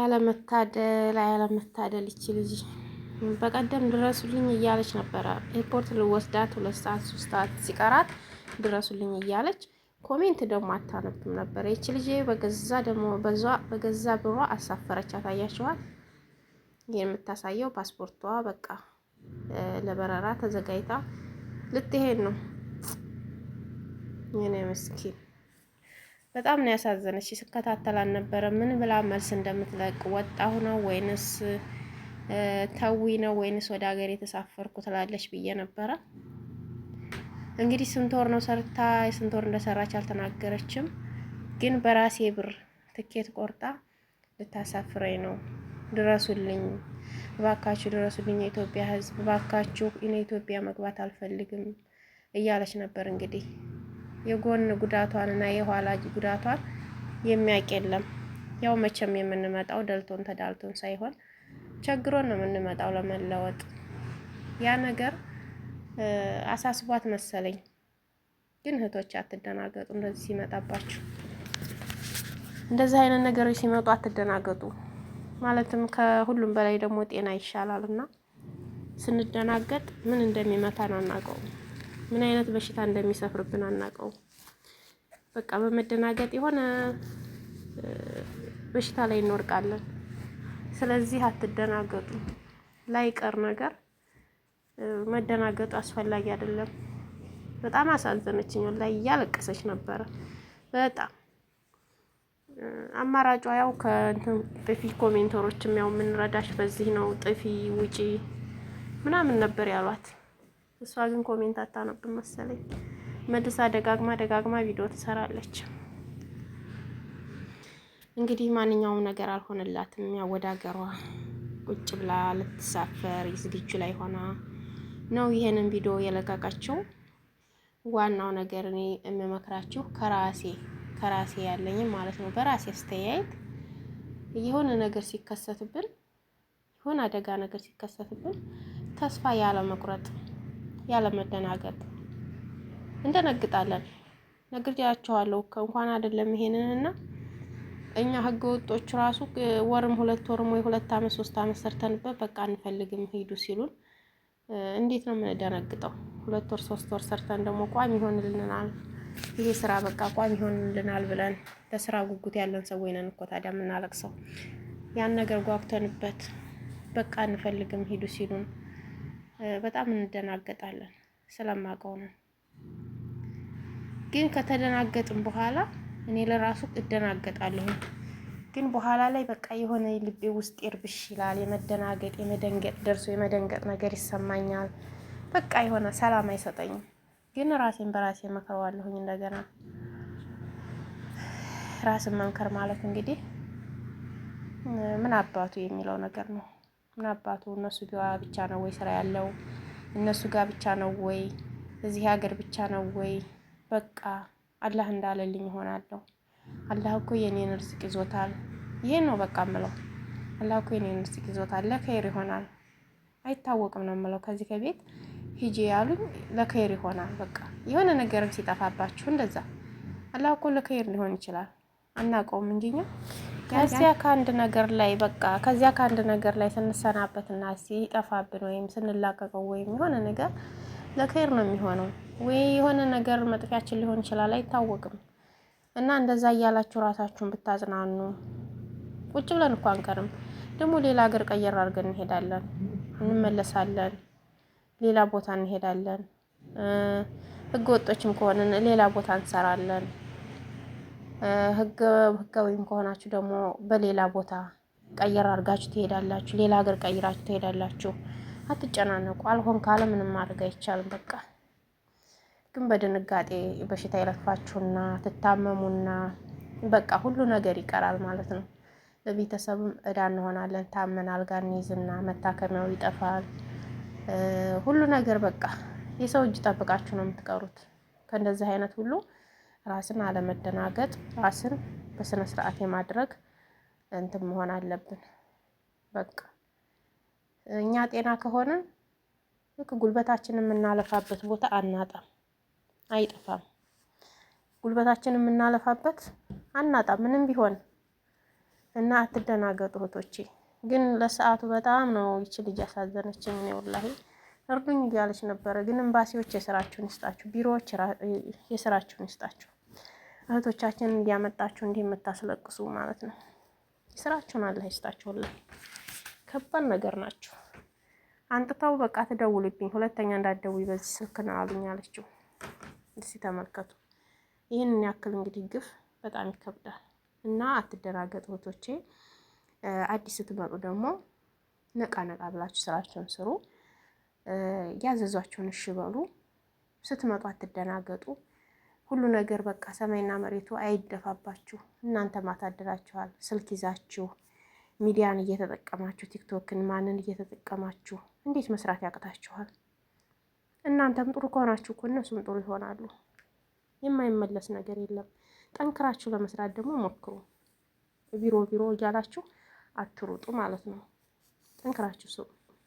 ያለመታደል ያለመታደል ልጅ በቀደም ድረሱልኝ እያለች ነበረ። ኤርፖርት ልወስዳት ሁለት ሰዓት ሶስት ሰዓት ሲቀራት ድረሱልኝ እያለች ኮሜንት ደግሞ አታነብም ነበረ። ይቺ ልጅ በገዛ ደግሞ በዛ በገዛ ብሯ አሳፈረቻት። አያችኋት? የምታሳየው ፓስፖርቷ በቃ ለበረራ ተዘጋጅታ ልትሄድ ነው። የኔ ምስኪን በጣም ነው ያሳዘነች። ስከታተል አልነበረ ምን ብላ መልስ እንደምትለቅ ወጣሁ ነው ወይንስ ተዊ ነው ወይንስ ወደ ሀገር የተሳፈርኩ ትላለች ብዬ ነበረ። እንግዲህ ስንት ወር ነው ሰርታ የስንት ወር እንደሰራች አልተናገረችም። ግን በራሴ ብር ትኬት ቆርጣ ልታሳፍረኝ ነው። ድረሱልኝ እባካችሁ ድረሱልኝ፣ የኢትዮጵያ ሕዝብ እባካችሁ ኢትዮጵያ መግባት አልፈልግም እያለች ነበር እንግዲህ የጎን ጉዳቷን እና የኋላ ጉዳቷን የሚያውቅ የለም። ያው መቼም የምንመጣው ደልቶን ተዳልቶን ሳይሆን ቸግሮን ነው የምንመጣው ለመለወጥ። ያ ነገር አሳስቧት መሰለኝ። ግን እህቶች አትደናገጡ፣ እንደዚህ ሲመጣባችሁ እንደዚህ አይነት ነገሮች ሲመጡ አትደናገጡ። ማለትም ከሁሉም በላይ ደግሞ ጤና ይሻላል እና ስንደናገጥ ምን እንደሚመታን አናውቀውም። ምን አይነት በሽታ እንደሚሰፍርብን አናውቀው። በቃ በመደናገጥ የሆነ በሽታ ላይ እንወርቃለን። ስለዚህ አትደናገጡ። ላይቀር ነገር መደናገጡ አስፈላጊ አይደለም። በጣም አሳዘነችኝ ላይ እያለቀሰች ነበረ። በጣም አማራጯ ያው ከእንትን ጥፊ ኮሜንተሮችም ያው የምንረዳሽ በዚህ ነው ጥፊ ውጪ ምናምን ነበር ያሏት። እሷ ግን ኮሜንት አታነብም መሰለኝ። መልሳ ደጋግማ ደጋግማ ቪዲዮ ትሰራለች። እንግዲህ ማንኛውም ነገር አልሆነላትም። ያወዳገሯ ቁጭ ብላ ልትሳፈር ዝግጁ ላይ ሆና ነው ይሄንን ቪዲዮ የለቀቀችው። ዋናው ነገር እኔ የምመክራችሁ ከራሴ ከራሴ ያለኝም ማለት ነው በራሴ አስተያየት የሆነ ነገር ሲከሰትብን የሆነ አደጋ ነገር ሲከሰትብን ተስፋ ያለ መቁረጥ ያለመደናገጥ እንደነግጣለን። ነግሬያቸዋለሁ እንኳን አይደለም ይሄንንና እኛ ህገ ወጦች ራሱ ወርም ሁለት ወርም ወይ ሁለት አመት ሶስት አመት ሰርተንበት በቃ አንፈልግም ሂዱ ሲሉን እንዴት ነው የምንደነግጠው? ሁለት ወር ሶስት ወር ሰርተን ደግሞ ቋሚ ይሆንልናል ይሄ ስራ በቃ ቋሚ ይሆንልናል ብለን ለስራ ጉጉት ያለን ሰው ወይነን እኮ ታዲያ የምናለቅሰው ያን ነገር ጓጉተንበት በቃ አንፈልግም ሂዱ ሲሉን በጣም እንደናገጣለን ስለማውቀው ነው። ግን ከተደናገጥን በኋላ እኔ ለራሱ እደናገጣለሁ። ግን በኋላ ላይ በቃ የሆነ ልቤ ውስጥ ይርብሽ ይላል። የመደናገጥ የመደንገጥ ደርሶ የመደንገጥ ነገር ይሰማኛል። በቃ የሆነ ሰላም አይሰጠኝም። ግን ራሴን በራሴ መክረዋለሁኝ። እንደገና ራስን መምከር ማለት እንግዲህ ምን አባቱ የሚለው ነገር ነው። ምን አባቱ እነሱ ጋር ብቻ ነው ወይ ስራ ያለው? እነሱ ጋር ብቻ ነው ወይ እዚህ ሀገር ብቻ ነው ወይ? በቃ አላህ እንዳለልኝ ይሆናለሁ። አላህ እኮ የኔን ርዝቅ ይዞታል። ይሄን ነው በቃ ምለው። አላህ እኮ የኔን ርዝቅ ይዞታል፣ ለከይር ይሆናል። አይታወቅም ነው ምለው። ከዚህ ከቤት ሂጂ ያሉኝ ለከይር ይሆናል። በቃ የሆነ ነገርም ሲጠፋባችሁ እንደዛ አላህ እኮ ለከይር ሊሆን ይችላል። አናውቀውም እንጂኛ ከዚያ ከአንድ ነገር ላይ በቃ ከዚያ ከአንድ ነገር ላይ ስንሰናበትና ሲጠፋብን ወይም ስንላቀቀው ወይም የሆነ ነገር ለከይር ነው የሚሆነው ወይ የሆነ ነገር መጥፊያችን ሊሆን ይችላል፣ አይታወቅም። እና እንደዛ እያላችሁ ራሳችሁን ብታጽናኑ። ቁጭ ብለን እኮ አንቀርም። ደግሞ ሌላ ሀገር ቀየር አድርገን እንሄዳለን፣ እንመለሳለን፣ ሌላ ቦታ እንሄዳለን። ህገ ወጦችም ከሆነ ሌላ ቦታ እንሰራለን። ህጋዊም ከሆናችሁ ደግሞ በሌላ ቦታ ቀየር አድርጋችሁ ትሄዳላችሁ። ሌላ ሀገር ቀይራችሁ ትሄዳላችሁ። አትጨናነቁ። አልሆን ካለ ምንም ማድረግ አይቻልም። በቃ ግን በድንጋጤ በሽታ ይለፋችሁና ትታመሙና በቃ ሁሉ ነገር ይቀራል ማለት ነው። በቤተሰብም እዳ እንሆናለን። ታመን አልጋ እንይዝና መታከሚያው ይጠፋል። ሁሉ ነገር በቃ የሰው እጅ ጠብቃችሁ ነው የምትቀሩት ከእንደዚህ አይነት ሁሉ ራስን አለመደናገጥ፣ ራስን በስነ ስርዓት የማድረግ እንትን መሆን አለብን። በቃ እኛ ጤና ከሆነ ልክ ጉልበታችንን የምናለፋበት ቦታ አናጣም፣ አይጠፋም። ጉልበታችንን የምናለፋበት አናጣም ምንም ቢሆን እና አትደናገጡ እህቶቼ። ግን ለሰዓቱ በጣም ነው ይች ልጅ ያሳዘነችኝ እርዱኝ እያለች ነበረ። ግን ኤምባሲዎች የስራችሁን ይስጣችሁ፣ ቢሮዎች የስራችሁን ይስጣችሁ፣ እህቶቻችንን እንዲያመጣችሁ እንዲህ የምታስለቅሱ ማለት ነው። ስራችሁን አለ ይስጣችሁላ። ከባድ ነገር ናችሁ። አንጥታው በቃ ትደውልብኝ፣ ሁለተኛ እንዳትደውይ በዚህ ስልክ ነው አሉኝ አለችው። እስኪ ተመልከቱ። ይህንን ያክል እንግዲህ ግፍ በጣም ይከብዳል እና አትደራገጡ እህቶቼ። አዲስ ስትመጡ ደግሞ ነቃ ነቃ ብላችሁ ስራችሁን ስሩ። ያዘዟቸውን እሺ በሉ። ስትመጡ አትደናገጡ። ሁሉ ነገር በቃ ሰማይና መሬቱ አይደፋባችሁ። እናንተ ማታደራችኋል። ስልክ ይዛችሁ ሚዲያን እየተጠቀማችሁ ቲክቶክን ማንን እየተጠቀማችሁ እንዴት መስራት ያቅታችኋል? እናንተም ጥሩ ከሆናችሁ እኮ እነሱም ጥሩ ይሆናሉ። የማይመለስ ነገር የለም። ጠንክራችሁ ለመስራት ደግሞ ሞክሩ። ቢሮ ቢሮ እያላችሁ አትሩጡ ማለት ነው። ጠንክራችሁ ስሩ።